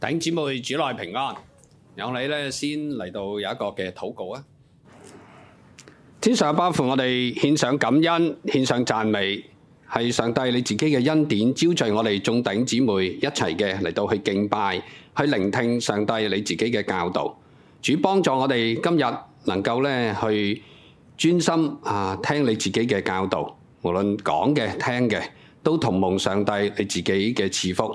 弟兄姊妹，主內平安。有你咧先嚟到有一個嘅禱告啊！天上包括我哋獻上感恩、獻上讚美，係上帝你自己嘅恩典召聚我哋眾弟兄姊妹一齊嘅嚟到去敬拜，去聆聽上帝你自己嘅教導。主幫助我哋今日能夠咧去專心啊聽你自己嘅教導，無論講嘅、聽嘅，都同蒙上帝你自己嘅賜福。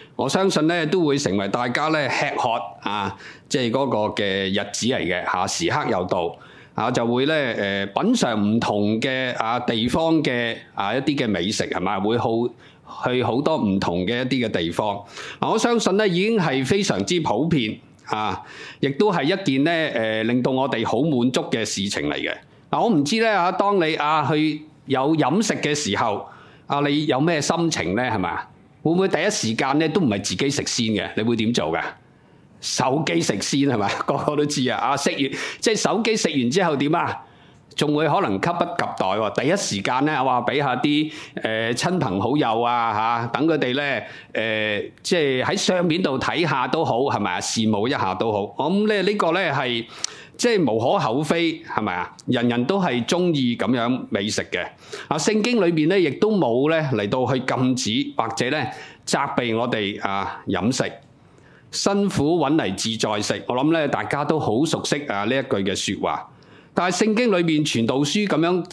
我相信咧都會成為大家咧吃喝啊，即係嗰個嘅日子嚟嘅吓，時刻又到啊，就會咧誒、呃、品嘗唔同嘅啊地方嘅啊一啲嘅美食係咪？會好去好多唔同嘅一啲嘅地方，啊。我相信咧已經係非常之普遍啊，亦都係一件咧誒、呃、令到我哋好滿足嘅事情嚟嘅。啊，我唔知咧啊，當你啊去有飲食嘅時候，啊你有咩心情咧係咪？會唔會第一時間咧都唔係自己食先嘅？你會點做㗎？手機食先係嘛？個個都知啊！啊食完即係手機食完之後點啊？仲會可能急不及待喎、哦！第一時間咧話俾下啲誒、呃、親朋好友啊嚇、啊，等佢哋咧誒即係喺上面度睇下都好係咪啊？羨慕一下都好。咁、嗯、咧、這個、呢個咧係。即係無可厚非，係咪啊？人人都係鍾意咁樣美食嘅。啊，聖經裏面咧，亦都冇咧嚟到去禁止或者咧責備我哋啊飲食辛苦搵嚟自在食。我諗咧，大家都好熟悉啊呢一句嘅説話。但係聖經裏面傳道書咁樣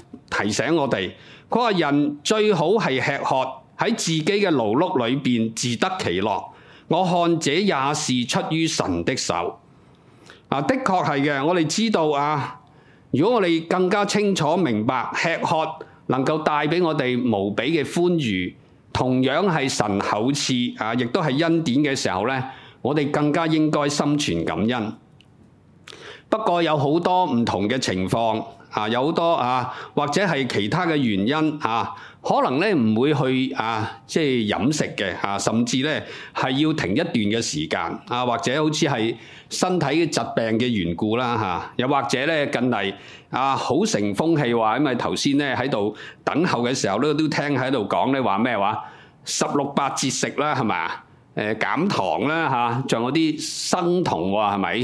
提醒我哋，佢話人最好係吃喝喺自己嘅勞碌裏邊自得其樂。我看這也是出於神的手。啊，的確係嘅。我哋知道啊，如果我哋更加清楚明白吃喝能夠帶俾我哋無比嘅歡愉，同樣係神厚賜啊，亦都係恩典嘅時候咧，我哋更加應該心存感恩。不過有好多唔同嘅情況啊，有好多啊，或者係其他嘅原因啊。可能咧唔會去啊，即係飲食嘅啊，甚至咧係要停一段嘅時間啊，或者好似係身體嘅疾病嘅緣故啦嚇、啊，又或者咧近嚟啊好成風氣話，因為頭先咧喺度等候嘅時候咧都聽喺度講咧話咩話，十六八節食啦，係咪誒減糖啦嚇，仲有啲生酮喎係咪？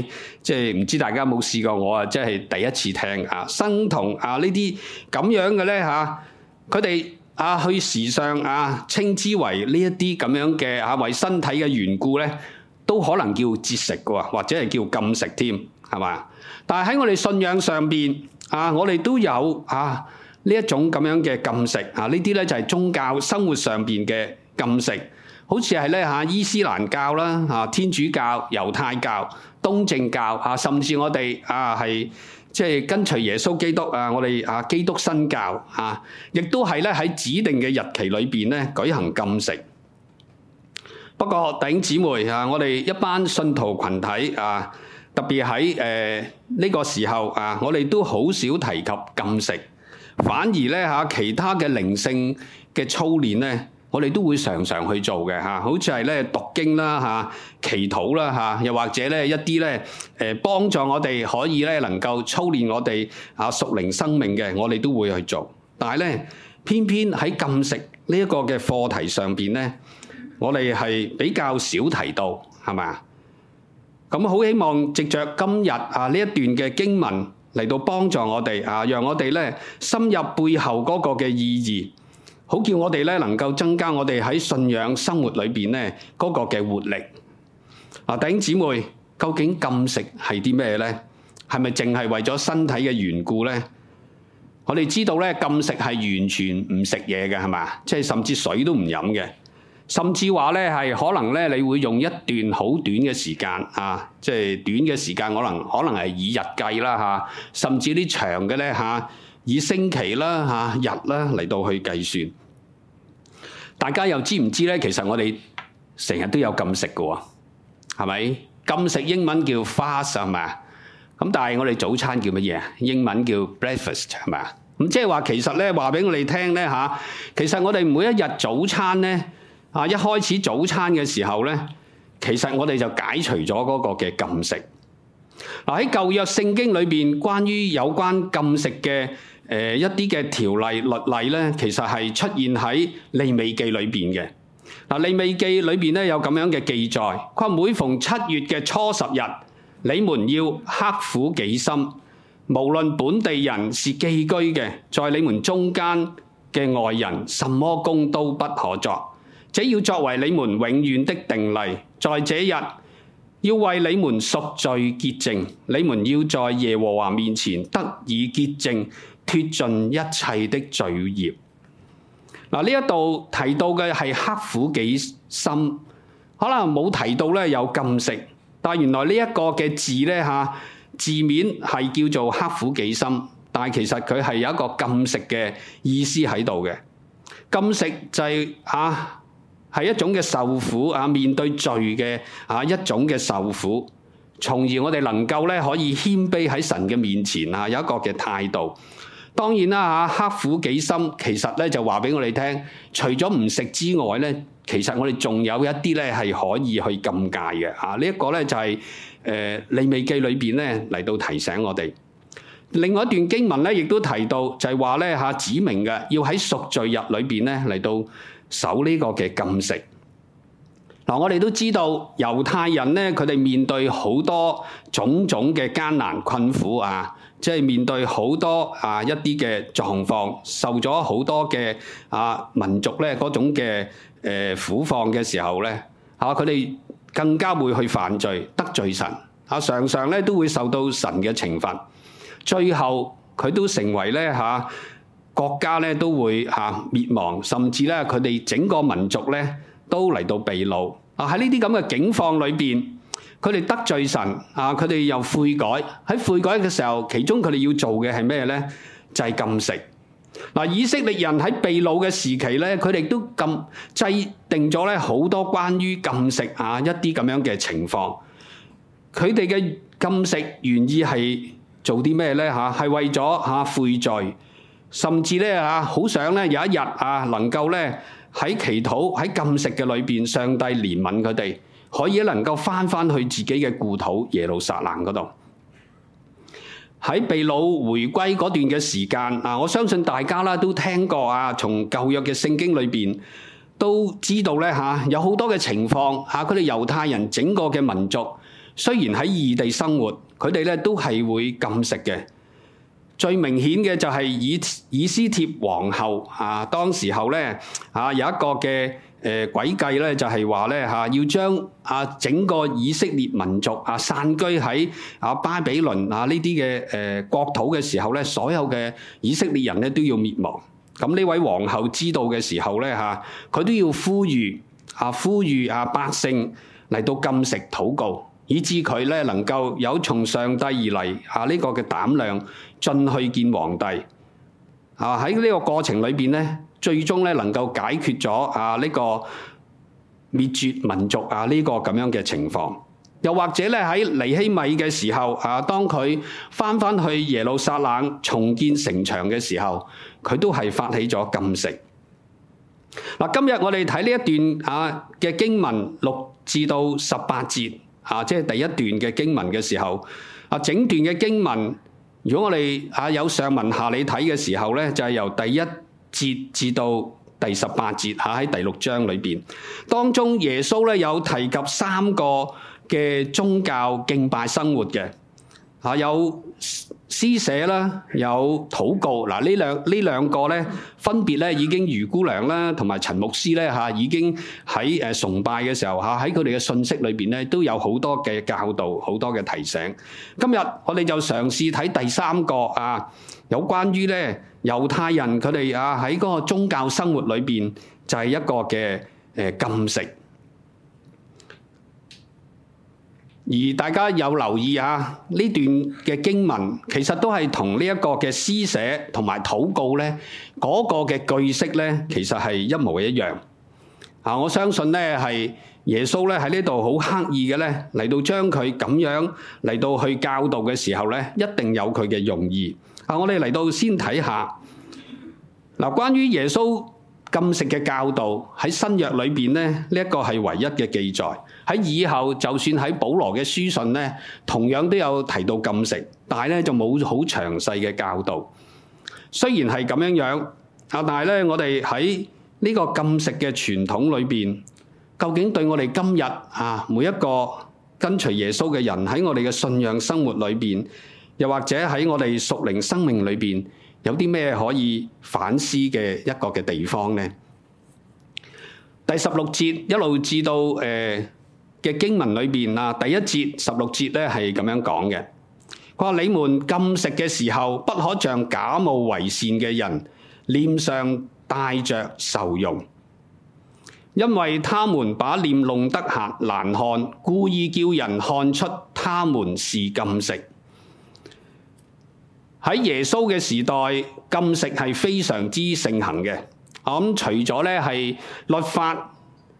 即係唔知大家有冇試過我，我啊即係第一次聽啊生酮啊呢啲咁樣嘅咧嚇，佢、啊、哋。啊，去時尚啊，稱之為呢一啲咁樣嘅啊，為身體嘅緣故咧，都可能叫節食嘅喎，或者係叫禁食添，係嘛？但係喺我哋信仰上邊啊，我哋都有啊呢一種咁樣嘅禁食啊，呢啲咧就係宗教生活上邊嘅禁食，好似係咧嚇伊斯蘭教啦嚇、啊、天主教、猶太教、東正教嚇、啊，甚至我哋啊係。即係跟隨耶穌基督啊！我哋啊基督新教啊，亦都係咧喺指定嘅日期裏邊咧舉行禁食。不過弟兄姊妹啊，我哋一班信徒群體啊，特別喺誒呢個時候啊，我哋都好少提及禁食，反而咧嚇、啊、其他嘅靈性嘅操練咧。我哋都會常常去做嘅吓，好似係咧讀經啦吓、祈禱啦吓，又或者咧一啲咧誒幫助我哋可以咧能夠操練我哋啊屬靈生命嘅，我哋都會去做。但係咧，偏偏喺禁食呢一個嘅課題上面咧，我哋係比較少提到，係咪啊？咁好希望藉着今日啊呢一段嘅經文嚟到幫助我哋啊，讓我哋咧深入背後嗰個嘅意義。好叫我哋咧，能夠增加我哋喺信仰生活裏邊咧嗰個嘅活力。嗱，弟兄姊妹，究竟禁食係啲咩咧？係咪淨係為咗身體嘅緣故咧？我哋知道咧，禁食係完全唔食嘢嘅，係嘛？即係甚至水都唔飲嘅，甚至話咧係可能咧，你會用一段好短嘅時間啊，即係短嘅時間可，可能可能係以日計啦嚇、啊，甚至啲長嘅咧嚇。啊以星期啦、吓日啦嚟到去計算，大家又知唔知咧？其實我哋成日都有禁食㗎喎，係咪？禁食英文叫 fast 係咪啊？咁但係我哋早餐叫乜嘢啊？英文叫 breakfast 係咪啊？咁即係話其實咧，話俾我哋聽咧吓，其實我哋每一日早餐咧啊，一開始早餐嘅時候咧，其實我哋就解除咗嗰個嘅禁食。嗱，喺舊約聖經裏邊，關於有關禁食嘅。誒一啲嘅條例律例咧，其實係出現喺利未記裏邊嘅。嗱，利未記裏邊咧有咁樣嘅記載，佢話每逢七月嘅初十日，你們要刻苦己心，無論本地人是寄居嘅，在你們中間嘅外人，什麼工都不可作，這要作為你們永遠的定例。在這日，要為你們贖罪潔淨，你們要在耶和華面前得以潔淨。脫盡一切的罪業。嗱，呢一度提到嘅，係刻苦己心，可能冇提到咧有禁食。但係原來呢一個嘅字咧，吓字面係叫做刻苦己心，但係其實佢係有一個禁食嘅意思喺度嘅。禁食就係、是、啊，係一種嘅受苦啊，面對罪嘅啊一種嘅受苦，從而我哋能夠咧可以謙卑喺神嘅面前啊，有一個嘅態度。當然啦嚇，刻苦己心，其實咧就話俾我哋聽，除咗唔食之外咧，其實我哋仲有一啲咧係可以去禁戒嘅嚇。呢一個咧就係誒利未記裏邊咧嚟到提醒我哋。另外一段經文咧，亦都提到就係話咧嚇指明嘅，要喺贖罪日裏邊咧嚟到守呢個嘅禁食。嗱，我哋都知道猶太人咧，佢哋面對好多種種嘅艱難困苦啊，即係面對好多啊一啲嘅狀況，受咗好多嘅啊民族咧嗰種嘅誒、呃、苦況嘅時候咧，啊佢哋更加會去犯罪得罪神啊，常常咧都會受到神嘅懲罰，最後佢都成為咧嚇、啊、國家咧都會嚇、啊、滅亡，甚至咧佢哋整個民族咧，都嚟到被擄啊！喺呢啲咁嘅境況裏邊，佢哋得罪神啊！佢哋又悔改，喺悔改嘅時候，其中佢哋要做嘅係咩呢？就係禁食。嗱，以色列人喺被擄嘅時期呢，佢哋都禁制定咗呢好多關於禁食啊一啲咁樣嘅情況。佢哋嘅禁食原意係做啲咩呢？吓，係為咗吓悔罪，甚至呢吓好想呢有一日啊，能夠呢。喺祈禱，喺禁食嘅裏邊，上帝憐憫佢哋，可以能夠翻返去自己嘅故土耶路撒冷嗰度。喺被擄回歸嗰段嘅時間，嗱、啊、我相信大家啦都聽過啊，從舊約嘅聖經裏邊都知道咧嚇、啊，有好多嘅情況嚇，佢、啊、哋猶太人整個嘅民族雖然喺異地生活，佢哋咧都係會禁食嘅。最明顯嘅就係以以斯帖皇后啊，當時候咧啊，有一個嘅誒詭計咧，就係話咧嚇要將啊整個以色列民族啊散居喺啊巴比倫啊呢啲嘅誒國土嘅時候咧，所有嘅以色列人咧都要滅亡。咁呢位皇后知道嘅時候咧嚇，佢都要呼籲啊呼籲啊百姓嚟到禁食禱告，以致佢咧能夠有從上帝而嚟啊呢個嘅膽量。進去見皇帝啊！喺呢個過程裏邊咧，最終咧能夠解決咗啊呢個滅絕民族啊呢個咁樣嘅情況，又或者咧喺尼希米嘅時候啊，當佢翻翻去耶路撒冷重建城牆嘅時候，佢都係發起咗禁食。嗱、啊。今日我哋睇呢一段啊嘅經文六至到十八節啊，即係第一段嘅經文嘅時候啊，整段嘅經文。如果我哋有上文下理睇嘅時候呢，就係由第一節至到第十八節嚇喺第六章裏面。當中耶穌呢，有提及三個嘅宗教敬拜生活嘅。嚇有施捨啦，有禱告嗱，呢兩呢兩個咧，分別咧已經余姑娘啦，同埋陳牧師咧嚇，已經喺誒崇拜嘅時候嚇，喺佢哋嘅信息裏邊咧，都有好多嘅教導，好多嘅提醒。今日我哋就嘗試睇第三個啊，有關於咧猶太人佢哋啊喺嗰個宗教生活裏邊就係一個嘅誒禁食。而大家有留意啊？呢段嘅經文其實都係同呢一、那個嘅施捨同埋禱告咧，嗰個嘅句式咧，其實係一模一樣。啊，我相信咧係耶穌咧喺呢度好刻意嘅咧嚟到將佢咁樣嚟到去教導嘅時候咧，一定有佢嘅用意。啊，我哋嚟到先睇下嗱，關於耶穌禁食嘅教導喺新約裏邊咧，呢、這、一個係唯一嘅記載。喺以後，就算喺保羅嘅書信呢，同樣都有提到禁食，但係呢就冇好詳細嘅教導。雖然係咁樣樣啊，但係呢我哋喺呢個禁食嘅傳統裏邊，究竟對我哋今日啊每一個跟隨耶穌嘅人喺我哋嘅信仰生活裏邊，又或者喺我哋屬靈生命裏邊，有啲咩可以反思嘅一個嘅地方呢？第十六節一路至到誒嘅經文裏邊啊，第一節十六節呢係咁樣講嘅。佢話你們禁食嘅時候，不可像假冒為善嘅人，臉上帶着愁容，因為他們把臉弄得黑難看，故意叫人看出他們是禁食。喺耶穌嘅時代，禁食係非常之盛行嘅。咁除咗呢係律法。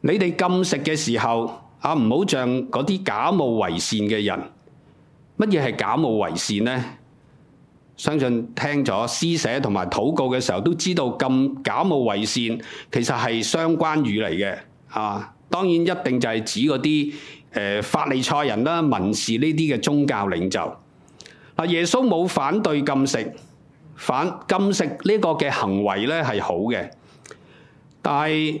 你哋禁食嘅時候，啊唔好像嗰啲假冒為善嘅人。乜嘢係假冒為善呢？相信聽咗施捨同埋禱告嘅時候，都知道禁假冒為善其實係雙關語嚟嘅。啊，當然一定就係指嗰啲誒法利賽人啦、文士呢啲嘅宗教領袖。啊，耶穌冇反對禁食，反禁食呢個嘅行為咧係好嘅，但係。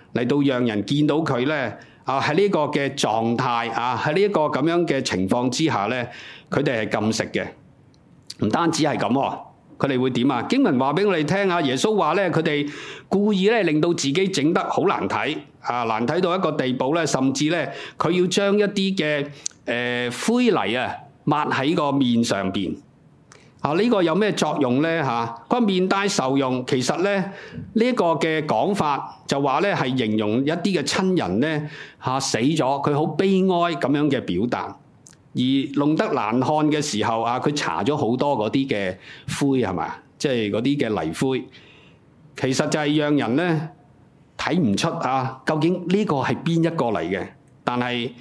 嚟到讓人見到佢咧，啊喺呢個嘅狀態啊，喺呢一個咁樣嘅情況之下咧，佢哋係禁食嘅。唔單止係咁喎，佢哋會點啊？經文話俾我哋聽啊，耶穌話咧，佢哋故意咧令到自己整得好難睇，啊難睇到一個地步咧，甚至咧佢要將一啲嘅誒灰泥啊抹喺個面上邊。啊！呢、這個有咩作用呢？嚇、啊，個面帶愁容，其實咧呢、這個嘅講法就話呢係形容一啲嘅親人呢嚇、啊、死咗，佢好悲哀咁樣嘅表達。而弄得難看嘅時候啊，佢搽咗好多嗰啲嘅灰係嘛，即係嗰啲嘅泥灰。其實就係讓人呢睇唔出啊，究竟呢個係邊一個嚟嘅？但係。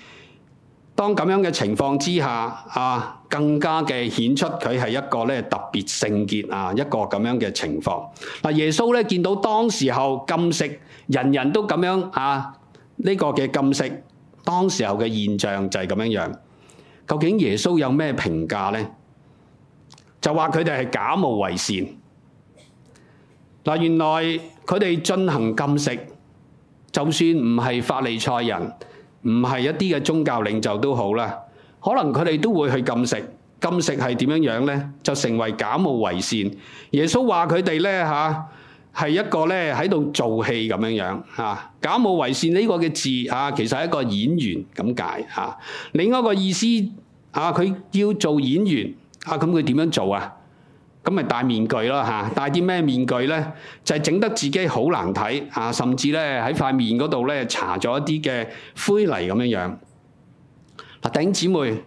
當咁樣嘅情況之下，啊，更加嘅顯出佢係一個咧特別聖潔啊，一個咁樣嘅情況。嗱、啊，耶穌咧見到當時候禁食，人人都咁樣啊，呢、這個嘅禁食，當時候嘅現象就係咁樣樣。究竟耶穌有咩評價呢？就話佢哋係假冒為善。嗱、啊，原來佢哋進行禁食，就算唔係法利賽人。唔係一啲嘅宗教領袖都好啦，可能佢哋都會去禁食，禁食係點樣樣咧？就成為假冒為善。耶穌話佢哋咧嚇，係一個咧喺度做戲咁樣樣嚇、啊，假冒為善呢個嘅字嚇、啊、其實係一個演員咁解嚇。另外一個意思嚇佢、啊、要做演員，啊咁佢點樣做啊？咁咪戴面具咯嚇，戴啲咩面具咧？就係整得自己好難睇啊！甚至咧喺塊面嗰度咧，搽咗一啲嘅灰泥咁樣樣。嗱，頂姊妹，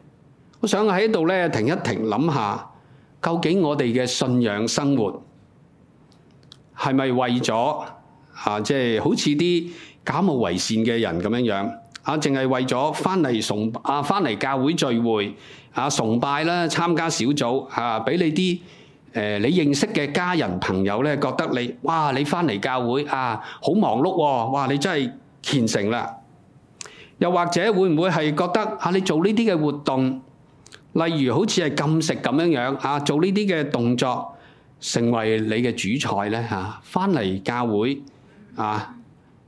我想喺度咧停一停，諗下究竟我哋嘅信仰生活係咪為咗啊？即係好似啲假冒為善嘅人咁樣樣啊？淨係為咗翻嚟崇啊，翻嚟教會聚會啊，崇拜啦，參加小組啊，俾你啲～誒，你認識嘅家人朋友咧，覺得你哇，你返嚟教會啊，好忙碌喎，哇，你真係虔誠啦。又或者會唔會係覺得啊，你做呢啲嘅活動，例如好似係禁食咁樣樣啊，做呢啲嘅動作，成為你嘅主菜咧嚇？返嚟教會啊，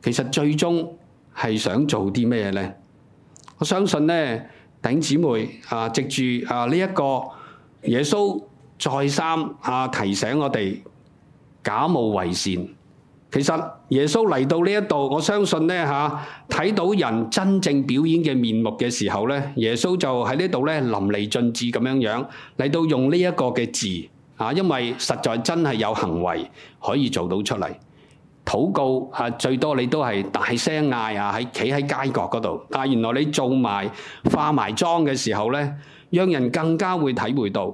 其實最終係想做啲咩咧？我相信咧，頂姊妹啊，藉住啊呢一個耶穌。再三啊提醒我哋假冒為善，其實耶穌嚟到呢一度，我相信呢，吓、啊、睇到人真正表演嘅面目嘅時候呢，耶穌就喺呢度呢，淋漓盡致咁樣樣嚟到用呢一個嘅字啊，因為實在真係有行為可以做到出嚟，禱告啊最多你都係大聲嗌，啊，喺企喺街角嗰度，但、啊、係原來你做埋化埋妝嘅時候呢，讓人更加會體會到。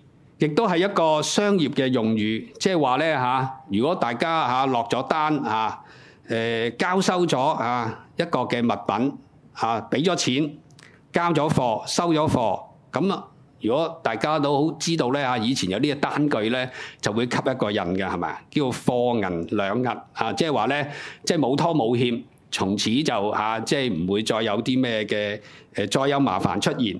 亦都係一個商業嘅用語，即係話咧嚇，如果大家嚇落咗單嚇，誒交收咗啊一個嘅物品嚇，俾咗錢，交咗貨，收咗貨，咁啊，如果大家都好知道咧嚇，以前有呢個單據咧，就會給一個印嘅係咪？叫貨銀兩訖啊，即係話咧，即係冇拖冇欠，從此就嚇即係唔會再有啲咩嘅誒再有麻煩出現。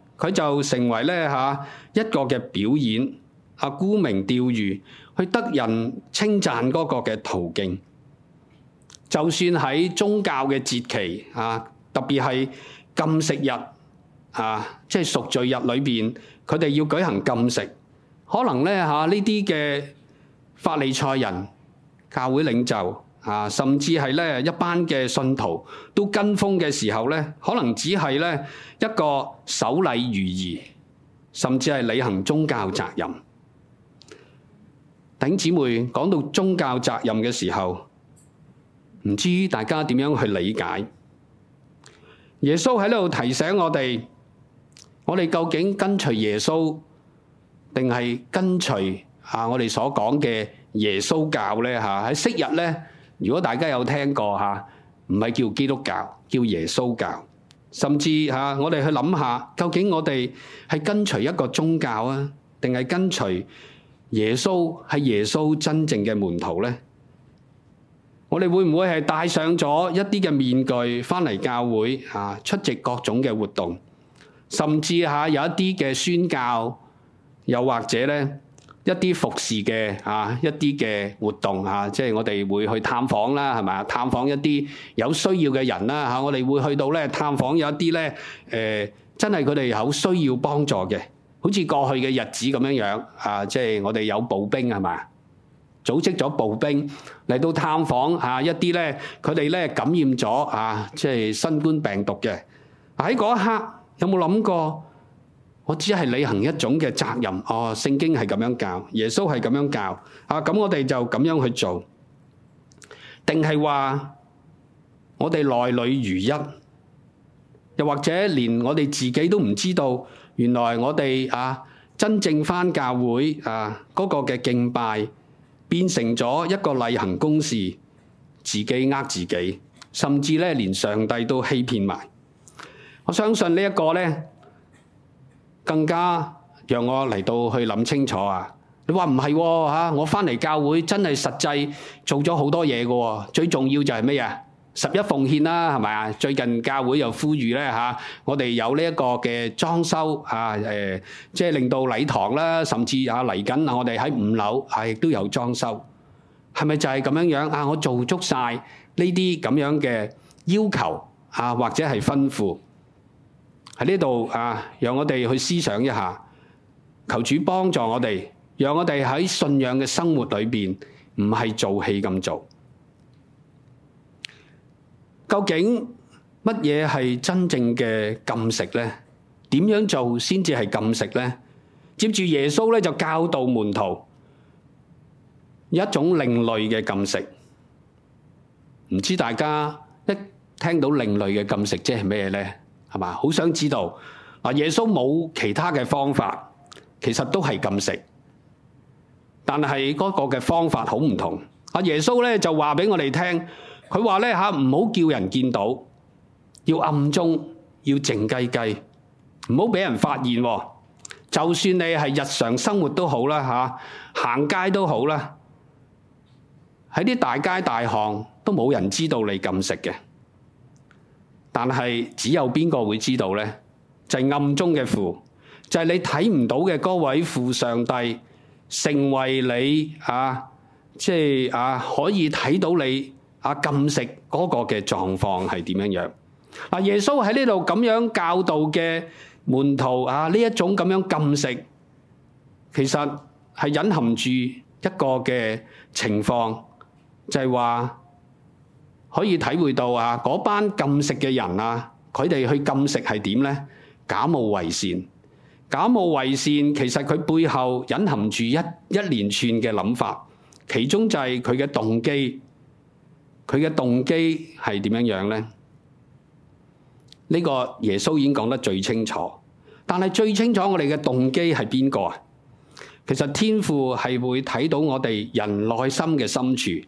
佢就成為咧嚇一個嘅表演，啊，沽名釣譽，去得人稱讚嗰個嘅途徑。就算喺宗教嘅節期啊，特別係禁食日啊，即係贖罪日裏邊，佢哋要舉行禁食，可能咧嚇呢啲嘅、啊、法利賽人教會領袖。啊，甚至係咧一班嘅信徒都跟風嘅時候咧，可能只係咧一個守禮如儀，甚至係履行宗教責任。頂姊妹講到宗教責任嘅時候，唔知大家點樣去理解？耶穌喺呢度提醒我哋，我哋究竟跟隨耶穌，定係跟隨啊，我哋所講嘅耶穌教咧？嚇喺昔日咧。如果大家有聽過嚇，唔係叫基督教，叫耶穌教，甚至嚇我哋去諗下，究竟我哋係跟隨一個宗教啊，定係跟隨耶穌係耶穌真正嘅門徒呢？我哋會唔會係戴上咗一啲嘅面具返嚟教會嚇出席各種嘅活動，甚至嚇有一啲嘅宣教，又或者呢？一啲服侍嘅啊，一啲嘅活動啊，即係我哋會去探訪啦，係咪啊？探訪一啲有需要嘅人啦，嚇、啊！我哋會去到咧探訪有一啲咧，誒、呃，真係佢哋好需要幫助嘅，好似過去嘅日子咁樣樣啊！即係我哋有步兵係咪啊？組織咗步兵嚟到探訪啊！一啲咧，佢哋咧感染咗啊！即係新冠病毒嘅喺嗰一刻，有冇諗過？我只係履行一種嘅責任。哦，聖經係咁樣教，耶穌係咁樣教。啊，咁我哋就咁樣去做，定係話我哋內裏如一，又或者連我哋自己都唔知道，原來我哋啊真正返教會啊嗰個嘅敬拜變成咗一個例行公事，自己呃自己，甚至咧連上帝都欺騙埋。我相信呢一個咧。更加讓我嚟到去諗清楚啊！你話唔係喎，我翻嚟教會真係實際做咗好多嘢嘅喎。最重要就係咩啊？十一奉獻啦，係咪啊？最近教會又呼籲咧嚇，我哋有呢一個嘅裝修嚇誒、啊呃，即係令到禮堂啦，甚至啊嚟緊我哋喺五樓係亦、啊、都有裝修，係咪就係咁樣樣啊？我做足晒呢啲咁樣嘅要求嚇、啊，或者係吩咐。喺呢度啊，讓我哋去思想一下，求主幫助我哋，讓我哋喺信仰嘅生活裏邊，唔係做戲咁做。究竟乜嘢係真正嘅禁食咧？點樣做先至係禁食咧？接住耶穌咧就教導門徒一種另類嘅禁食，唔知大家一聽到另類嘅禁食即係咩咧？係嘛？好想知道啊！耶穌冇其他嘅方法，其實都係禁食，但係嗰個嘅方法好唔同。阿耶穌咧就話俾我哋聽，佢話咧吓，唔好叫人見到，要暗中，要靜雞雞，唔好俾人發現。就算你係日常生活都好啦吓，行街都好啦，喺啲大街大巷都冇人知道你禁食嘅。但係只有邊個會知道呢？就係、是、暗中嘅父，就係、是、你睇唔到嘅嗰位父上帝，成為你啊，即、就、係、是、啊可以睇到你啊禁食嗰個嘅狀況係點樣樣。嗱、啊，耶穌喺呢度咁樣教導嘅門徒啊，呢一種咁樣禁食，其實係隱含住一個嘅情況，就係、是、話。可以體會到啊，嗰班禁食嘅人啊，佢哋去禁食係點呢？假冒為善，假冒為善，其實佢背後隱含住一一連串嘅諗法，其中就係佢嘅動機，佢嘅動機係點樣樣呢？呢個耶穌已經講得最清楚，但係最清楚我哋嘅動機係邊個啊？其實天父係會睇到我哋人內心嘅深處。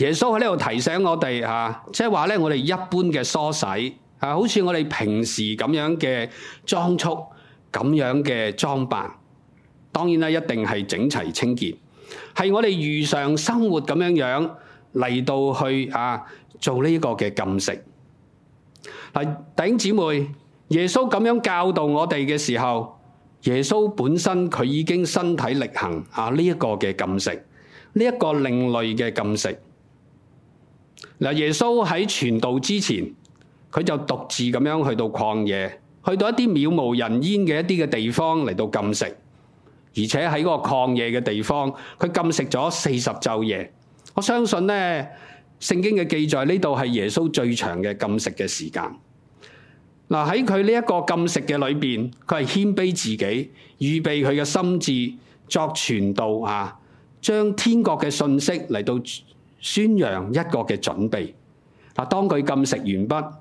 耶穌喺呢度提醒我哋嚇，即係話咧，我哋一般嘅梳洗啊，好似我哋平時咁樣嘅裝束，咁樣嘅裝扮，當然咧一定係整齊清潔，係我哋如常生活咁樣樣嚟到去啊做呢一個嘅禁食嗱。弟兄姐妹，耶穌咁樣教導我哋嘅時候，耶穌本身佢已經身體力行啊呢一個嘅禁食，呢一個另類嘅禁食。嗱，耶穌喺傳道之前，佢就獨自咁樣去到曠野，去到一啲渺無人煙嘅一啲嘅地方嚟到禁食，而且喺嗰個曠野嘅地方，佢禁食咗四十晝夜。我相信呢聖經嘅記載呢度係耶穌最長嘅禁食嘅時間。嗱，喺佢呢一個禁食嘅裏邊，佢係謙卑自己，預備佢嘅心智，作傳道啊，將天國嘅信息嚟到。宣揚一個嘅準備。嗱，當佢禁食完畢，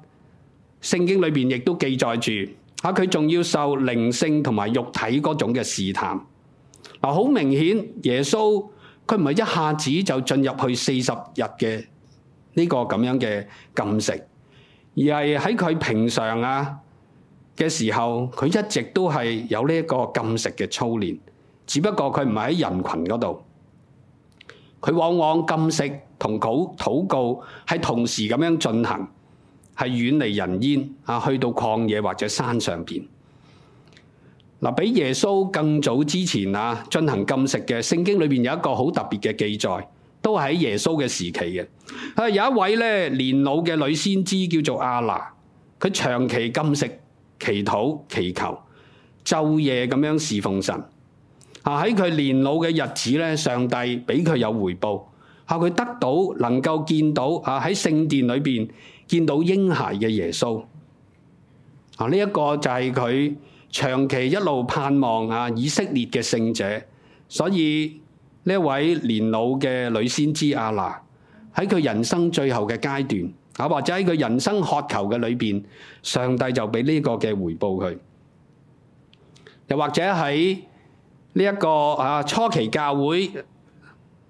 聖經裏邊亦都記載住，吓佢仲要受靈性同埋肉體嗰種嘅試探。嗱，好明顯耶穌佢唔係一下子就進入去四十日嘅呢個咁樣嘅禁食，而係喺佢平常啊嘅時候，佢一直都係有呢一個禁食嘅操練，只不過佢唔係喺人群嗰度，佢往往禁食，同禱禱告係同時咁樣進行，係遠離人煙啊，去到曠野或者山上邊。嗱，比耶穌更早之前啊，進行禁食嘅聖經裏邊有一個好特別嘅記載，都喺耶穌嘅時期嘅。啊，有一位咧年老嘅女先知叫做阿娜，佢長期禁食、祈禱、祈求，晝夜咁樣侍奉神。啊，喺佢年老嘅日子咧，上帝俾佢有回報。啊！佢得到能夠見到啊，喺聖殿裏邊見到嬰孩嘅耶穌啊！呢一個就係佢長期一路盼望啊，以色列嘅聖者，所以呢位年老嘅女先知阿娜喺佢人生最後嘅階段啊，或者喺佢人生渴求嘅裏邊，上帝就俾呢個嘅回報佢。又或者喺呢一個啊初期教會。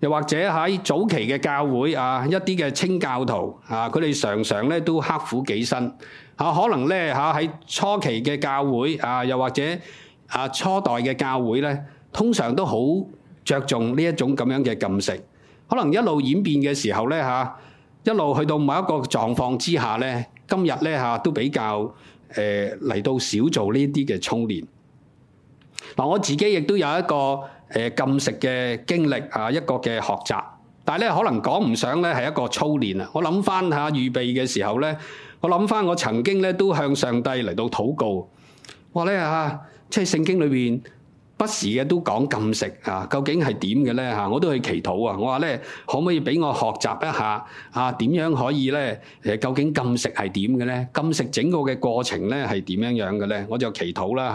又或者喺早期嘅教會啊，一啲嘅清教徒啊，佢哋常常咧都刻苦己身嚇，可能咧嚇喺初期嘅教會啊，又或者啊初代嘅教會咧，通常都好着重呢一種咁樣嘅禁食。可能一路演變嘅時候咧嚇，一路去到某一個狀況之下咧，今日咧嚇都比較誒嚟到少做呢啲嘅操練。嗱，我自己亦都有一個。禁食嘅經歷啊，一個嘅學習，但係咧可能講唔上咧係一個操練啊！我諗翻嚇預備嘅時候咧，我諗翻我曾經咧都向上帝嚟到禱告，話咧嚇，即係聖經裏邊，不時嘅都講禁食啊，究竟係點嘅咧嚇？我都去祈禱啊，我話咧可唔可以俾我學習一下啊？點樣可以咧？誒，究竟禁食係點嘅咧？禁食整個嘅過程咧係點樣樣嘅咧？我就祈禱啦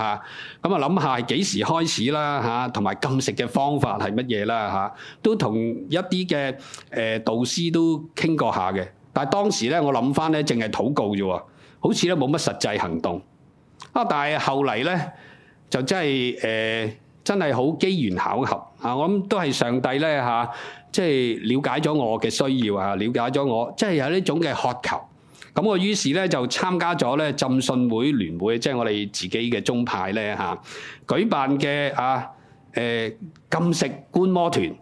嚇。咁啊，諗下係幾時開始啦嚇？同埋禁食嘅方法係乜嘢啦嚇？都同一啲嘅誒導師都傾過下嘅。但係當時咧，我諗翻咧，淨係禱告啫喎，好似咧冇乜實際行動。啊，但係後嚟咧。就真係誒、呃，真係好機緣巧合啊！我諗都係上帝咧嚇，即、啊、係了解咗我嘅需要啊，了解咗我，即係有呢種嘅渴求。咁我於是咧就參加咗咧浸信會聯會，即係我哋自己嘅宗派咧嚇、啊、舉辦嘅啊誒禁食觀摩團。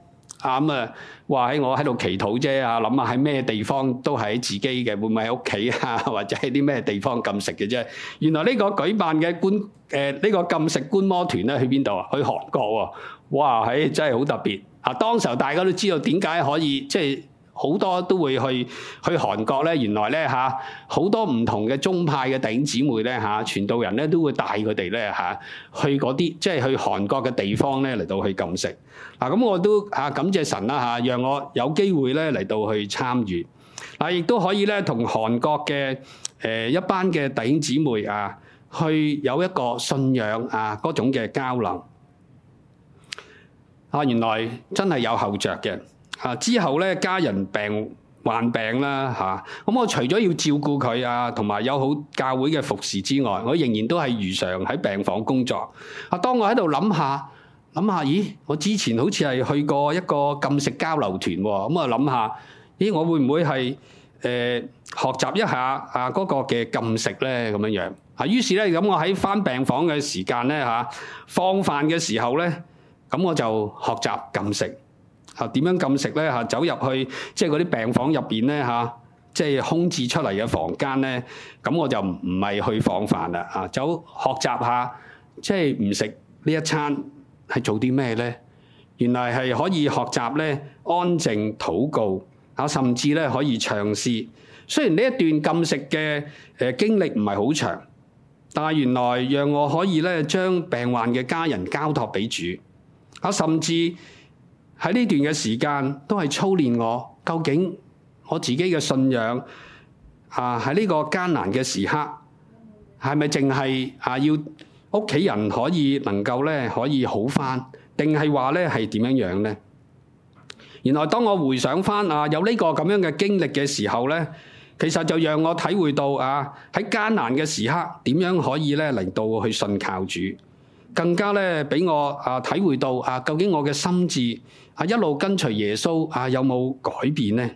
啊啊，話喺、嗯、我喺度祈禱啫啊，諗下喺咩地方都喺自己嘅，會唔會喺屋企啊，或者喺啲咩地方禁食嘅啫？原來呢個舉辦嘅觀誒呢個禁食觀摩團咧，去邊度啊？去韓國喎、啊！哇，喺、哎、真係好特別啊！當時候大家都知道點解可以即係。就是好多都會去去韓國咧，原來咧嚇好多唔同嘅宗派嘅弟兄姊妹咧嚇，傳道人咧都會帶佢哋咧嚇去嗰啲，即係去韓國嘅地方咧嚟到去禁食。嗱咁我都嚇感謝神啦嚇，讓我有機會咧嚟到去參與，嗱亦都可以咧同韓國嘅誒一班嘅弟兄姊妹啊，去有一個信仰啊嗰種嘅交流。啊，原來真係有後著嘅。啊！之後咧，家人病患病啦，嚇、啊、咁我除咗要照顧佢啊，同埋有好教會嘅服侍之外，我仍然都係如常喺病房工作。啊！當我喺度諗下，諗下，咦？我之前好似係去過一個禁食交流團喎，咁啊諗、嗯、下，咦？我會唔會係誒、呃、學習一下啊嗰個嘅禁食咧？咁樣樣啊！於是咧，咁我喺翻病房嘅時間咧，嚇、啊、放飯嘅時候咧，咁我就學習禁食。嚇點樣禁食咧？嚇走入去即係嗰啲病房入邊咧嚇，即係空置出嚟嘅房間咧。咁我就唔係去放飯啦。嚇走學習下，即係唔食呢一餐係做啲咩咧？原來係可以學習咧安靜禱告嚇，甚至咧可以嘗試。雖然呢一段禁食嘅誒經歷唔係好長，但係原來讓我可以咧將病患嘅家人交託俾主嚇，甚至。喺呢段嘅時間都係操練我，究竟我自己嘅信仰啊喺呢個艱難嘅時刻，係咪淨係啊要屋企人可以能夠咧可以好返，定係話咧係點樣樣咧？原來當我回想返啊有呢個咁樣嘅經歷嘅時候咧，其實就讓我體會到啊喺艱難嘅時刻點樣可以咧嚟到去信靠主。更加咧俾我啊體會到啊，究竟我嘅心智啊一路跟隨耶穌啊有冇改變呢？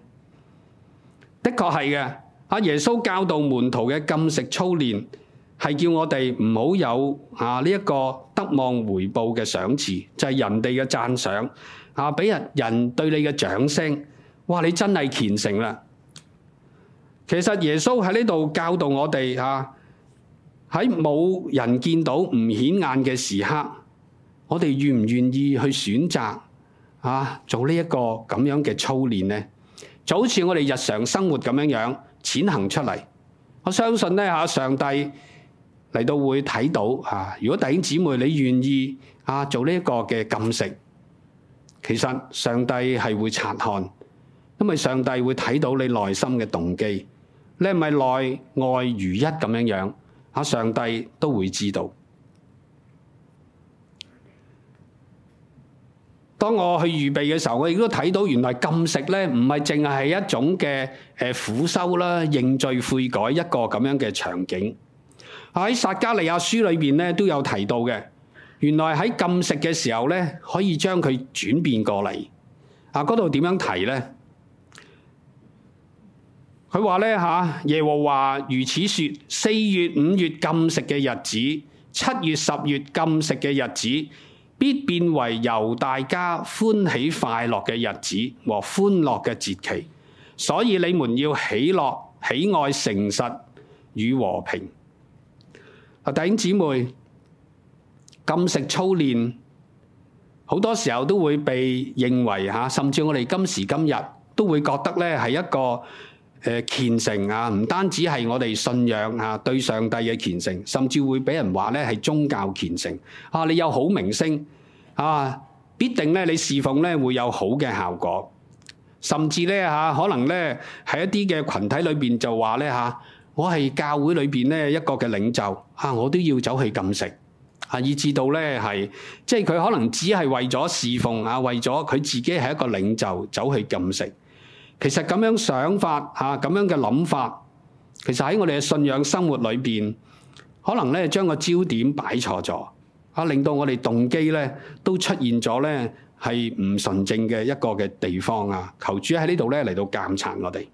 的確係嘅，啊耶穌教導門徒嘅禁食操練係叫我哋唔好有啊呢一個得望回報嘅賞賜，就係人哋嘅讚賞啊，俾人人對你嘅掌聲，哇！你真係虔誠啦。其實耶穌喺呢度教導我哋啊。喺冇人見到唔顯眼嘅時刻，我哋願唔願意去選擇啊？做呢一個咁樣嘅操練呢？就好似我哋日常生活咁樣樣踐行出嚟。我相信呢，嚇、啊，上帝嚟到會睇到嚇、啊。如果弟兄姊妹你願意啊，做呢一個嘅禁食，其實上帝係會察看，因為上帝會睇到你內心嘅動機，你係咪內外如一咁樣樣？啊！上帝都會知道。當我去預備嘅時候，我亦都睇到原來禁食咧，唔係淨係一種嘅誒苦修啦、認罪悔改一個咁樣嘅場景。喺撒加利亞書裏邊咧都有提到嘅，原來喺禁食嘅時候咧，可以將佢轉變過嚟。啊，嗰度點樣提咧？佢話咧吓，耶和華如此說：四月、五月禁食嘅日子，七月、十月禁食嘅日子，必變為猶大家歡喜快樂嘅日子和歡樂嘅節期。所以你們要喜樂，喜愛誠實與和平。弟兄姊妹，禁食操練，好多時候都會被認為吓，甚至我哋今時今日都會覺得咧係一個。虔誠、呃、啊，唔單止係我哋信仰啊，對上帝嘅虔誠，甚至會俾人話咧係宗教虔誠啊！你有好名聲啊，必定咧你侍奉咧會有好嘅效果，甚至咧嚇、啊、可能咧喺一啲嘅群體裏邊就話咧嚇，我係教會裏邊咧一個嘅領袖啊，我都要走去禁食啊，以至到咧係即係佢可能只係為咗侍奉啊，為咗佢自己係一個領袖走去禁食。其實咁樣想法嚇，咁、啊、樣嘅諗法，其實喺我哋嘅信仰生活裏邊，可能咧將個焦點擺錯咗，嚇、啊、令到我哋動機咧都出現咗咧係唔純正嘅一個嘅地方啊！求主喺呢度咧嚟到鑑察我哋。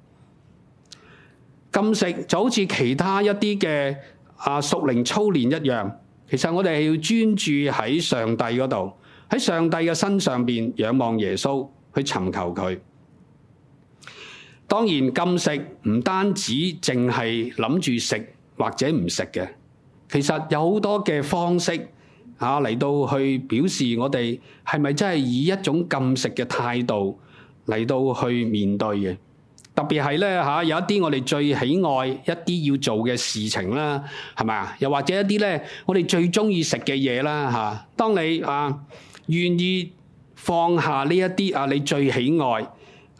禁食就好似其他一啲嘅啊屬靈操練一樣，其實我哋要專注喺上帝嗰度，喺上帝嘅身上邊仰望耶穌去尋求佢。當然，禁食唔單止淨係諗住食或者唔食嘅，其實有好多嘅方式嚇嚟到去表示我哋係咪真係以一種禁食嘅態度嚟到去面對嘅。特別係咧嚇，有一啲我哋最喜愛一啲要做嘅事情啦，係咪啊？又或者一啲咧，我哋最鍾意食嘅嘢啦嚇。當你啊願意放下呢一啲啊，你最喜愛。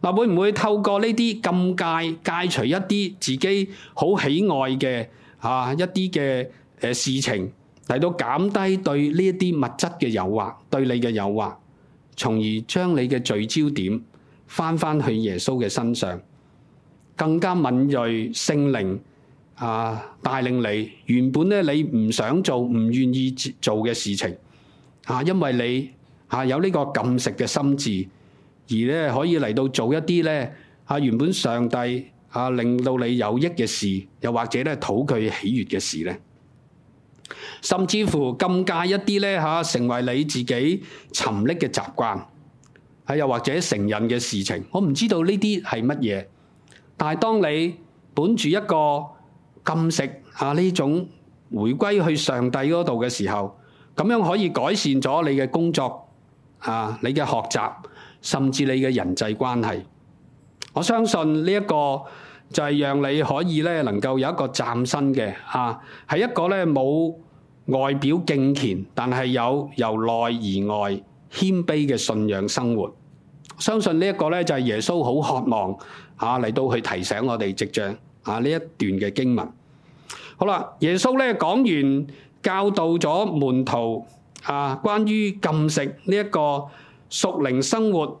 嗱，會唔會透過呢啲禁戒戒除一啲自己好喜愛嘅啊一啲嘅誒事情，嚟到減低對呢一啲物質嘅誘惑，對你嘅誘惑，從而將你嘅聚焦點返返去耶穌嘅身上，更加敏鋭聖靈啊帶領你原本咧你唔想做、唔願意做嘅事情啊，因為你啊有呢個禁食嘅心智。而咧可以嚟到做一啲咧啊原本上帝啊令到你有益嘅事，又或者咧討佢喜悅嘅事咧，甚至乎禁戒一啲咧嚇成為你自己沉溺嘅習慣，啊又或者成癮嘅事情，我唔知道呢啲係乜嘢。但係當你本住一個禁食啊呢種回歸去上帝嗰度嘅時候，咁樣可以改善咗你嘅工作啊，你嘅學習。甚至你嘅人際關係，我相信呢一個就係讓你可以咧能夠有一個站身嘅啊，係一個咧冇外表敬虔，但係有由內而外謙卑嘅信仰生活。相信呢一個咧就係耶穌好渴望啊嚟到去提醒我哋直將啊呢一段嘅經文。好啦，耶穌咧講完教導咗門徒啊，關於禁食呢一個屬靈生活。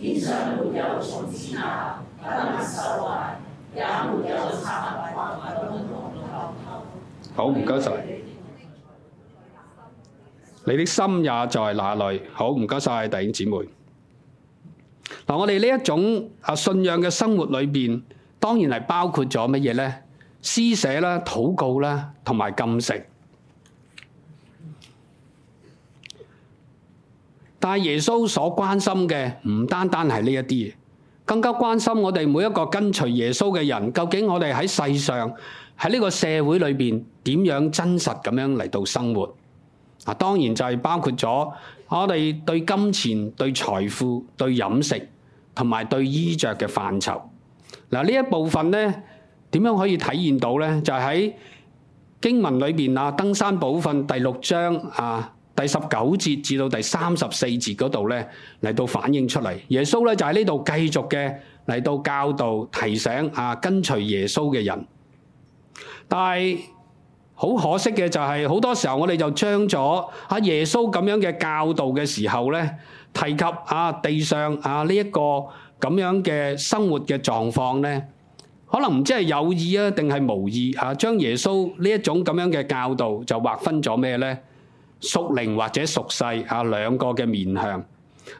天上沒有蟲子啊，不能鏽壞；也沒有拆拆打打、吞吞吐吐。好，唔該曬你的心也在那裏。好，唔該曬弟兄姊妹。嗱，我哋呢一種啊信仰嘅生活裏邊，當然係包括咗乜嘢咧？施捨啦、禱告啦，同埋禁食。但耶穌所關心嘅唔單單係呢一啲嘢，更加關心我哋每一個跟隨耶穌嘅人，究竟我哋喺世上喺呢個社會裏邊點樣真實咁樣嚟到生活？嗱、啊，當然就係包括咗我哋對金錢、對財富、對飲食同埋對衣着嘅範疇。嗱、啊，呢一部分咧，點樣可以體現到咧？就喺、係、經文裏邊啊，登山寶訓第六章啊。第十九節至到第三十四節嗰度呢，嚟到反映出嚟，耶穌呢就喺呢度繼續嘅嚟到教導提醒啊，跟隨耶穌嘅人。但係好可惜嘅就係好多時候我哋就將咗啊耶穌咁樣嘅教導嘅時候呢，提及啊地上啊呢一個咁樣嘅生活嘅狀況呢，可能唔知係有意啊定係無意啊，將耶穌呢一種咁樣嘅教導就劃分咗咩呢？屬靈或者屬世啊，兩個嘅面向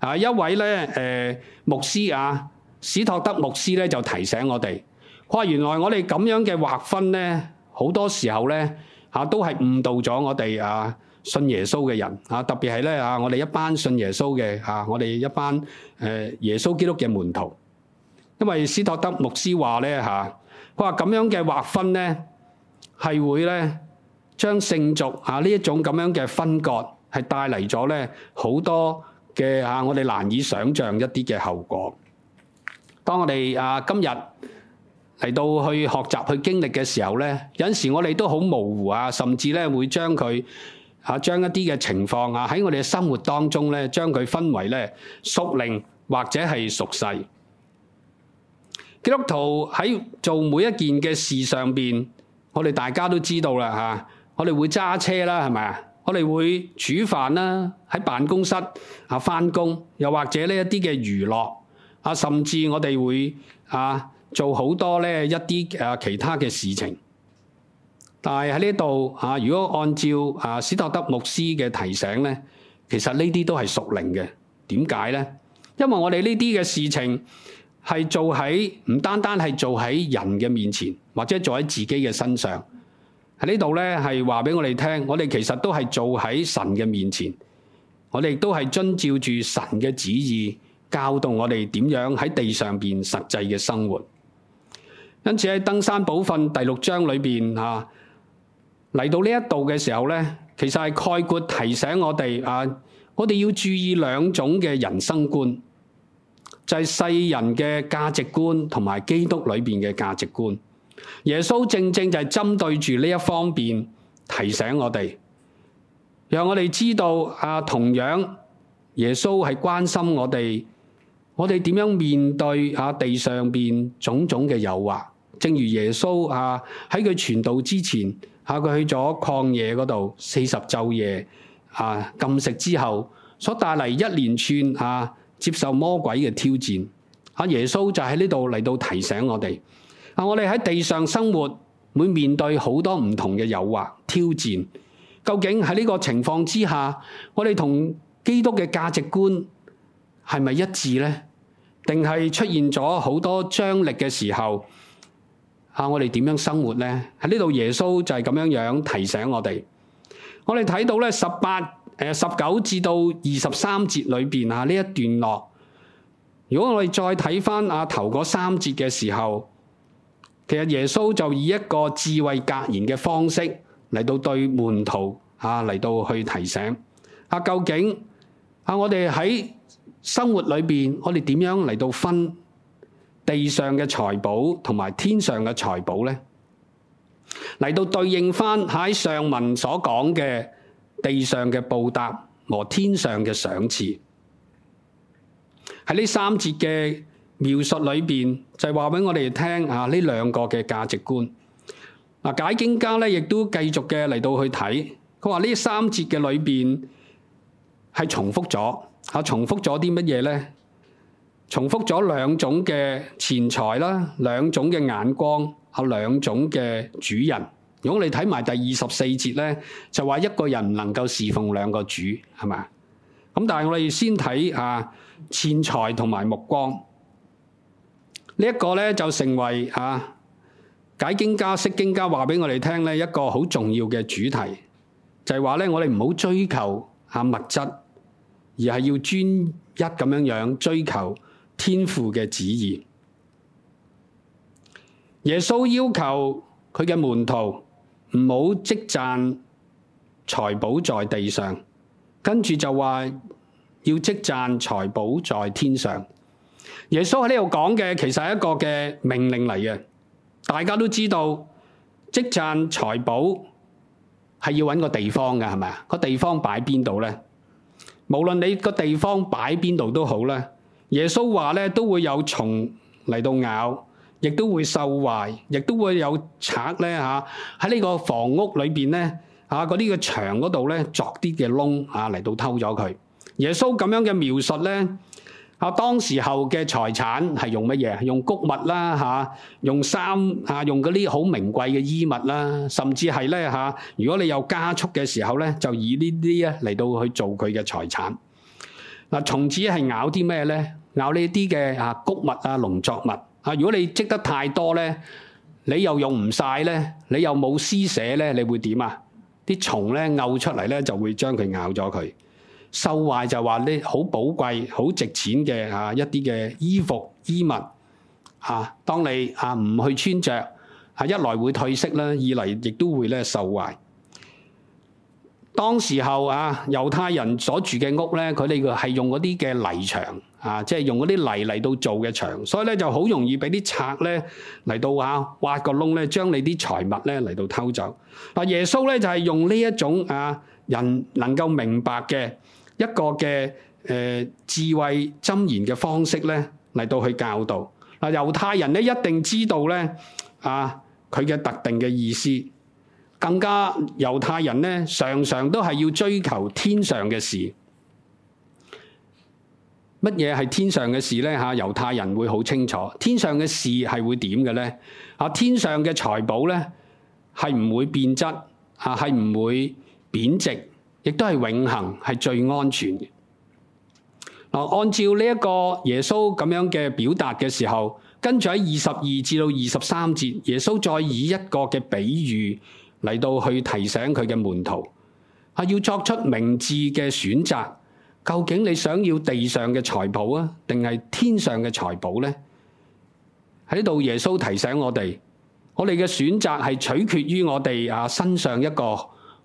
啊，一位咧誒牧師啊，史托德牧師咧就提醒我哋，話原來我哋咁樣嘅劃分咧，好多時候咧吓、啊、都係誤導咗我哋啊信耶穌嘅人啊，特別係咧吓我哋一班信耶穌嘅吓，我哋一班誒耶穌基督嘅門徒，因為史托德牧師話咧吓，佢話咁樣嘅劃分咧係會咧。將聖俗啊呢一種咁樣嘅分割，係帶嚟咗咧好多嘅吓，我哋難以想象一啲嘅後果。當我哋啊今日嚟到去學習去經歷嘅時候咧，有陣時我哋都好模糊啊，甚至咧會將佢吓將一啲嘅情況啊喺我哋嘅生活當中咧，將佢分為咧屬靈或者係屬世。基督徒喺做每一件嘅事上邊，我哋大家都知道啦吓。我哋會揸車啦，係咪啊？我哋會煮飯啦，喺辦公室啊翻工，又或者呢一啲嘅娛樂啊，甚至我哋會啊做好多呢一啲誒其他嘅事情。但係喺呢度啊，如果按照啊史托德牧師嘅提醒呢，其實呢啲都係屬靈嘅。點解呢？因為我哋呢啲嘅事情係做喺唔單單係做喺人嘅面前，或者做喺自己嘅身上。喺呢度咧，係話俾我哋聽，我哋其實都係做喺神嘅面前，我哋亦都係遵照住神嘅旨意，教導我哋點樣喺地上邊實際嘅生活。因此喺登山寶訓第六章裏邊啊，嚟到呢一度嘅時候咧，其實係概括提醒我哋啊，我哋要注意兩種嘅人生觀，就係世人嘅價值觀同埋基督裏邊嘅價值觀。耶穌正正就係針對住呢一方面提醒我哋，讓我哋知道啊，同樣耶穌係關心我哋，我哋點樣面對啊地上邊種種嘅誘惑。正如耶穌啊喺佢傳道之前，啊佢去咗曠野嗰度四十晝夜啊禁食之後，所帶嚟一連串啊接受魔鬼嘅挑戰。啊耶穌就喺呢度嚟到提醒我哋。啊、我哋喺地上生活，會面對好多唔同嘅誘惑、挑戰。究竟喺呢個情況之下，我哋同基督嘅價值觀係咪一致呢？定係出現咗好多張力嘅時候？啊！我哋點樣生活呢？喺呢度耶穌就係咁樣樣提醒我哋。我哋睇到咧十八誒十九至到二十三節裏邊啊呢一段落。如果我哋再睇翻啊頭嗰三節嘅時候。其實耶穌就以一個智慧格言嘅方式嚟到對門徒啊嚟到去提醒啊，究竟啊我哋喺生活裏邊我哋點樣嚟到分地上嘅財寶同埋天上嘅財寶咧，嚟到對應翻喺上文所講嘅地上嘅報答和天上嘅賞賜，喺呢三節嘅。描述裏邊就係話俾我哋聽啊，呢兩個嘅價值觀嗱。解經家咧，亦都繼續嘅嚟到去睇佢話呢三節嘅裏邊係重複咗吓，重複咗啲乜嘢咧？重複咗兩種嘅錢財啦，兩種嘅眼光吓，兩種嘅主人。如果你睇埋第二十四節咧，就話一個人唔能夠侍奉兩個主係嘛？咁但係我哋先睇吓錢財同埋目光。呢一個咧，就成為啊解經家、釋經家話俾我哋聽咧一個好重要嘅主題，就係話咧我哋唔好追求啊物質，而係要專一咁樣樣追求天父嘅旨意。耶穌要求佢嘅門徒唔好積攢財寶在地上，跟住就話要積攢財寶在天上。耶穌喺呢度講嘅其實係一個嘅命令嚟嘅，大家都知道積攢財寶係要揾個地方嘅，係咪啊？個地方擺邊度呢？無論你個地方擺邊度都好咧，耶穌話咧都會有蟲嚟到咬，亦都會受壞，亦都會有賊咧吓喺呢個房屋裏邊咧吓嗰啲嘅牆嗰度咧鑿啲嘅窿啊嚟到偷咗佢。耶穌咁樣嘅描述咧。啊，當時候嘅財產係用乜嘢？用谷物啦，嚇、啊，用衫嚇、啊，用嗰啲好名貴嘅衣物啦、啊，甚至係咧嚇，如果你有家畜嘅時候咧，就以呢啲啊嚟到去做佢嘅財產。嗱、啊，蟲子係咬啲咩咧？咬呢啲嘅嚇穀物啊，農作物啊。如果你積得太多咧，你又用唔晒咧，你又冇施捨咧，你會點啊？啲蟲咧咬出嚟咧，就會將佢咬咗佢。受壞就話呢，好寶貴、好值錢嘅啊一啲嘅衣服衣物啊，當你啊唔去穿着，係一來會褪色啦，二嚟亦都會咧受壞。當時候啊，猶太人所住嘅屋咧，佢哋個係用嗰啲嘅泥牆啊，即係用嗰啲泥嚟到做嘅牆，所以咧就好容易俾啲賊咧嚟到啊挖個窿咧，將你啲財物咧嚟到偷走。嗱，耶穌咧就係用呢一種啊人能夠明白嘅。一個嘅誒、呃、智慧箴研嘅方式咧，嚟到去教導。嗱，猶太人咧一定知道咧啊，佢嘅特定嘅意思，更加猶太人咧常常都係要追求天上嘅事。乜嘢係天上嘅事咧？嚇、啊，猶太人會好清楚。天上嘅事係會點嘅咧？啊，天上嘅財寶咧係唔會變質啊，係唔會貶值。亦都係永恆，係最安全嘅。嗱，按照呢一個耶穌咁樣嘅表達嘅時候，跟住喺二十二至到二十三節，耶穌再以一個嘅比喻嚟到去提醒佢嘅門徒，係要作出明智嘅選擇。究竟你想要地上嘅財寶啊，定係天上嘅財寶呢？喺度耶穌提醒我哋，我哋嘅選擇係取決於我哋啊身上一個。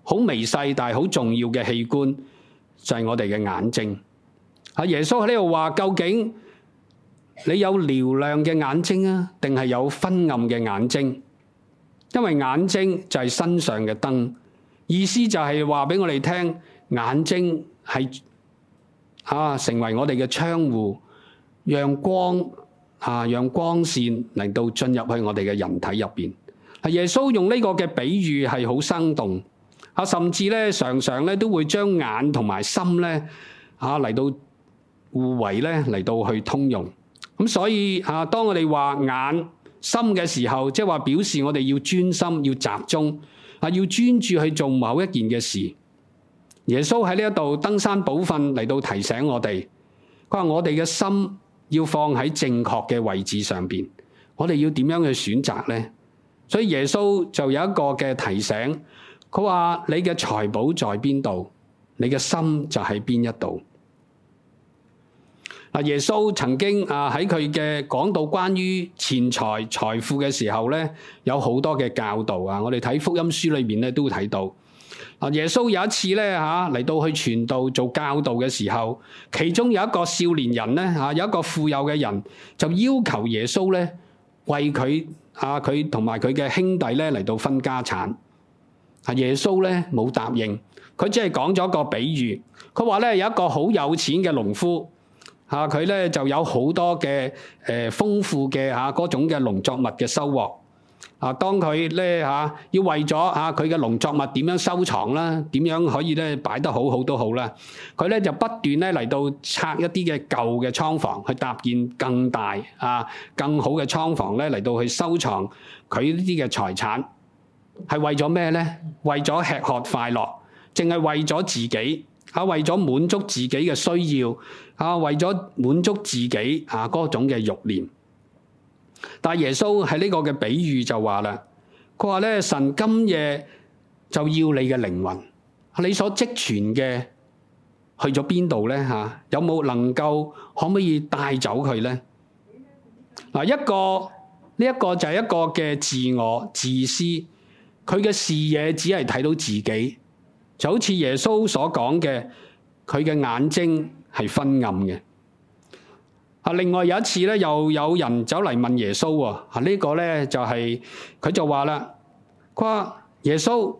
好微細但係好重要嘅器官就係、是、我哋嘅眼睛。阿耶穌喺呢度話：究竟你有嘹亮嘅眼睛啊，定係有昏暗嘅眼睛？因為眼睛就係身上嘅燈，意思就係話俾我哋聽，眼睛係啊成為我哋嘅窗戶，讓光啊讓光線嚟到進入去我哋嘅人體入邊。係耶穌用呢個嘅比喻係好生動。啊，甚至咧，常常咧都會將眼同埋心咧，嚇嚟到互為咧，嚟到去通用。咁所以嚇，當我哋話眼心嘅時候，即係話表示我哋要專心、要集中、嚇要專注去做某一件嘅事。耶穌喺呢一度登山寶訓嚟到提醒我哋，佢話我哋嘅心要放喺正確嘅位置上邊。我哋要點樣去選擇咧？所以耶穌就有一個嘅提醒。佢話：你嘅財寶在邊度？你嘅心就喺邊一度。嗱，耶穌曾經啊喺佢嘅講到關於錢財、財富嘅時候咧，有好多嘅教導啊。我哋睇福音書裏面咧都會睇到。嗱，耶穌有一次咧嚇嚟到去傳道做教導嘅時候，其中有一個少年人咧嚇有一個富有嘅人，就要求耶穌咧為佢啊佢同埋佢嘅兄弟咧嚟到分家產。是，耶穌呢，冇答應。佢只係講咗個比喻。佢話呢，有一個好有錢嘅農夫。佢呢，就有好多嘅，呃，豐富嘅，嗰種嘅農作物嘅收穫。當佢呢，要為咗佢嘅農作物點樣收藏啦，點樣可以呢，擺得好好都好啦。佢呢，就不斷呢，嚟到拆一啲嘅舊嘅倉房，去搭建更大、更好嘅倉房呢，嚟到去收藏佢呢啲嘅財產。係為咗咩咧？為咗吃喝快樂，淨係為咗自己，啊為咗滿足自己嘅需要，啊為咗滿足自己啊嗰種嘅欲念。但耶穌喺呢個嘅比喻就話啦，佢話咧，神今夜就要你嘅靈魂，你所積存嘅去咗邊度咧？吓，有冇能夠可唔可以帶走佢咧？嗱，一個呢、這個、一個就係一個嘅自我自私。佢嘅視野只係睇到自己，就好似耶穌所講嘅，佢嘅眼睛係昏暗嘅。啊，另外有一次咧，又有人走嚟問耶穌喎，啊、這、呢個咧就係佢就話啦，佢話耶穌，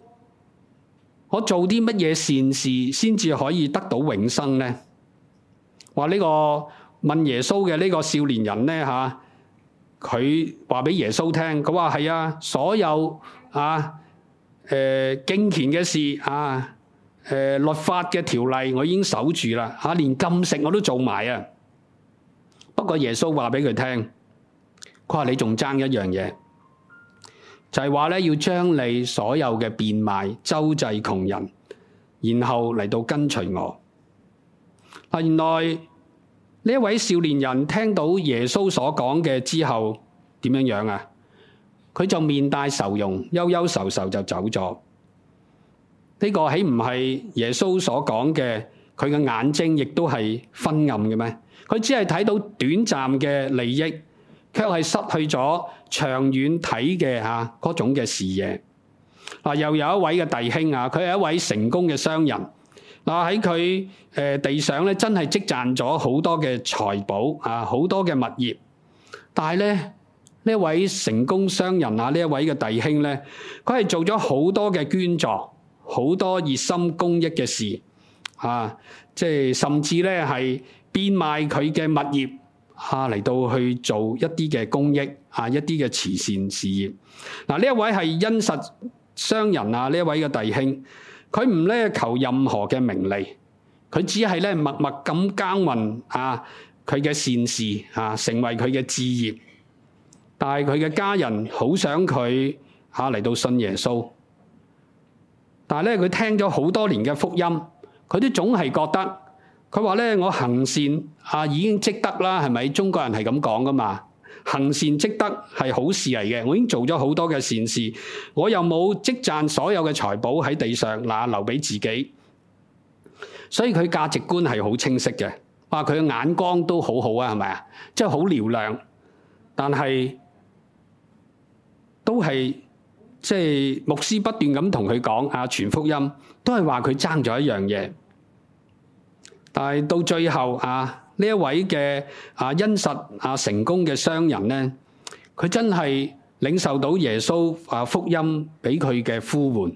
我做啲乜嘢善事先至可以得到永生咧？話呢個問耶穌嘅呢個少年人咧嚇，佢話俾耶穌聽，佢話係啊，所有。啊！誒敬虔嘅事啊！誒律法嘅條例我已經守住啦！嚇，連禁食我都做埋啊！不過耶穌話俾佢聽，佢話你仲爭一樣嘢，就係話咧要將你所有嘅變賣周濟窮人，然後嚟到跟隨我。嗱，原來呢一位少年人聽到耶穌所講嘅之後點樣樣啊？佢就面帶愁容，憂憂愁愁就走咗。呢個豈唔係耶穌所講嘅？佢嘅眼睛亦都係昏暗嘅咩？佢只係睇到短暫嘅利益，卻係失去咗長遠睇嘅吓嗰種嘅視野。嗱，又有一位嘅弟兄啊，佢係一位成功嘅商人。嗱，喺佢誒地上咧，真係積攢咗好多嘅財寶啊，好多嘅物業。但係咧，呢一位成功商人啊，呢位嘅弟兄呢，佢係做咗好多嘅捐助，好多熱心公益嘅事啊，即係甚至呢係變賣佢嘅物業啊嚟到去做一啲嘅公益啊，一啲嘅慈善事業。嗱、啊，呢一位係殷實商人啊，呢位嘅弟兄，佢唔呢求任何嘅名利，佢只係呢默默咁耕耘啊，佢嘅善事啊，成為佢嘅志業。但係佢嘅家人好想佢啊，嚟到信耶穌，但係咧，佢聽咗好多年嘅福音，佢都總係覺得，佢話咧，我行善啊，已經積德啦，係咪？中國人係咁講噶嘛？行善積德係好事嚟嘅，我已經做咗好多嘅善事，我又冇積攢所有嘅財寶喺地上嗱，留俾自己，所以佢價值觀係好清晰嘅。話佢嘅眼光都好好啊，係咪啊？即係好嘹亮，但係。都係即係牧師不斷咁同佢講啊全福音，都係話佢爭咗一樣嘢。但係到最後啊呢一位嘅啊殷實啊成功嘅商人呢，佢真係領受到耶穌啊福音俾佢嘅呼喚，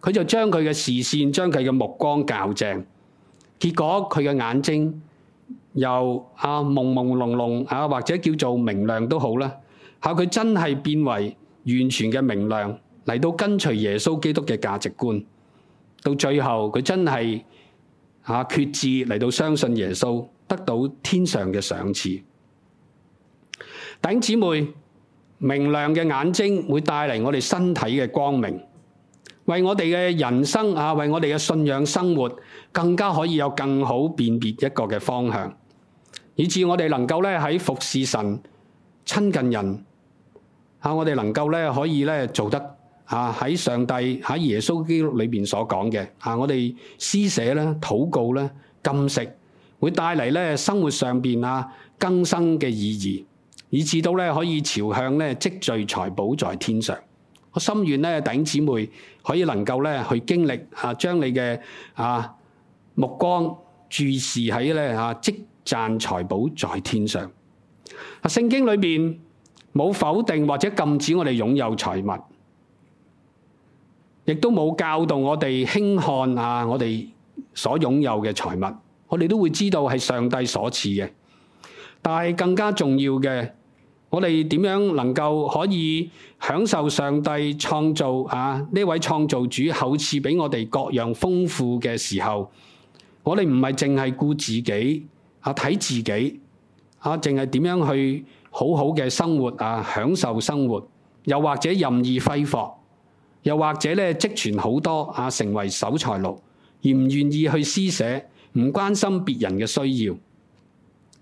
佢就將佢嘅視線將佢嘅目光校正，結果佢嘅眼睛由啊朦朦朧朧啊或者叫做明亮都好啦，吓佢真係變為。完全嘅明亮嚟到跟隨耶穌基督嘅價值觀，到最後佢真係啊決志嚟到相信耶穌，得到天上嘅賞賜。弟兄姊妹，明亮嘅眼睛會帶嚟我哋身體嘅光明，為我哋嘅人生啊，為我哋嘅信仰生活更加可以有更好辨別一個嘅方向，以致我哋能夠咧喺服侍神親近人。啊、我哋能夠咧，可以咧做得啊，喺上帝喺耶穌基督裏邊所講嘅啊，我哋施捨、咧、禱告咧、禁食，會帶嚟咧生活上邊啊更新嘅意義，以至到咧可以朝向咧積聚財寶在天上。我心願咧，弟兄姊妹可以能夠咧去經歷啊，將你嘅啊目光注視喺咧啊積攢財寶在天上。啊，聖經裏邊。冇否定或者禁止我哋擁有財物，亦都冇教導我哋輕看啊！我哋所擁有嘅財物，我哋都會知道係上帝所賜嘅。但係更加重要嘅，我哋點樣能夠可以享受上帝創造，啊，呢位創造主厚賜俾我哋各樣豐富嘅時候，我哋唔係淨係顧自己啊，睇自己啊，淨係點樣去好好嘅生活啊，享受生活，又或者任意揮霍，又或者咧積存好多啊，成為守財奴，而唔願意去施捨，唔關心別人嘅需要，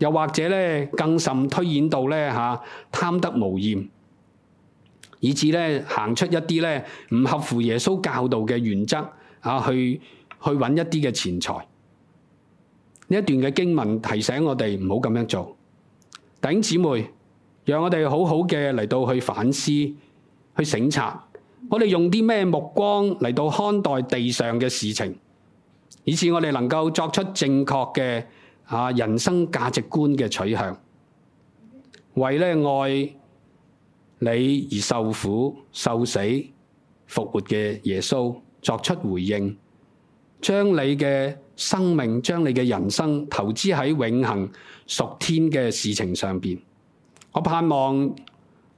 又或者咧更甚推演到咧吓貪得無厭，以致咧行出一啲咧唔合乎耶穌教導嘅原則啊，去去揾一啲嘅錢財。呢一段嘅經文提醒我哋唔好咁樣做，弟兄姊妹。讓我哋好好嘅嚟到去反思、去省察，我哋用啲咩目光嚟到看待地上嘅事情，以致我哋能夠作出正確嘅啊人生價值觀嘅取向，為咧愛你而受苦、受死、復活嘅耶穌作出回應，將你嘅生命、將你嘅人生投資喺永恆屬天嘅事情上面。我盼望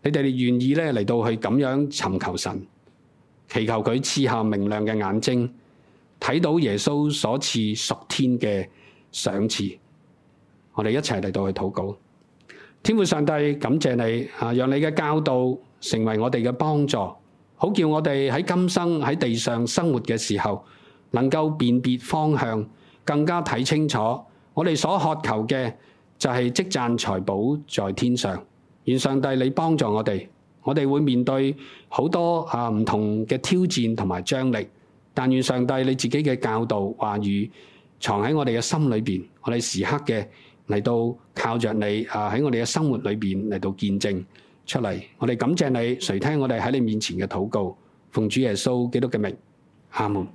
你哋願意咧嚟到去咁樣尋求神，祈求佢賜下明亮嘅眼睛，睇到耶穌所賜屬天嘅賞賜。我哋一齊嚟到去禱告。天父上帝，感謝你啊，讓你嘅教導成為我哋嘅幫助，好叫我哋喺今生喺地上生活嘅時候，能夠辨別方向，更加睇清楚我哋所渴求嘅。就係積攢財寶在天上，願上帝你幫助我哋，我哋會面對好多啊唔同嘅挑戰同埋張力，但願上帝你自己嘅教導話語藏喺我哋嘅心裏邊，我哋時刻嘅嚟到靠着你啊喺我哋嘅生活裏邊嚟到見證出嚟，我哋感謝你，垂聽我哋喺你面前嘅禱告，奉主耶穌基督嘅名，阿門。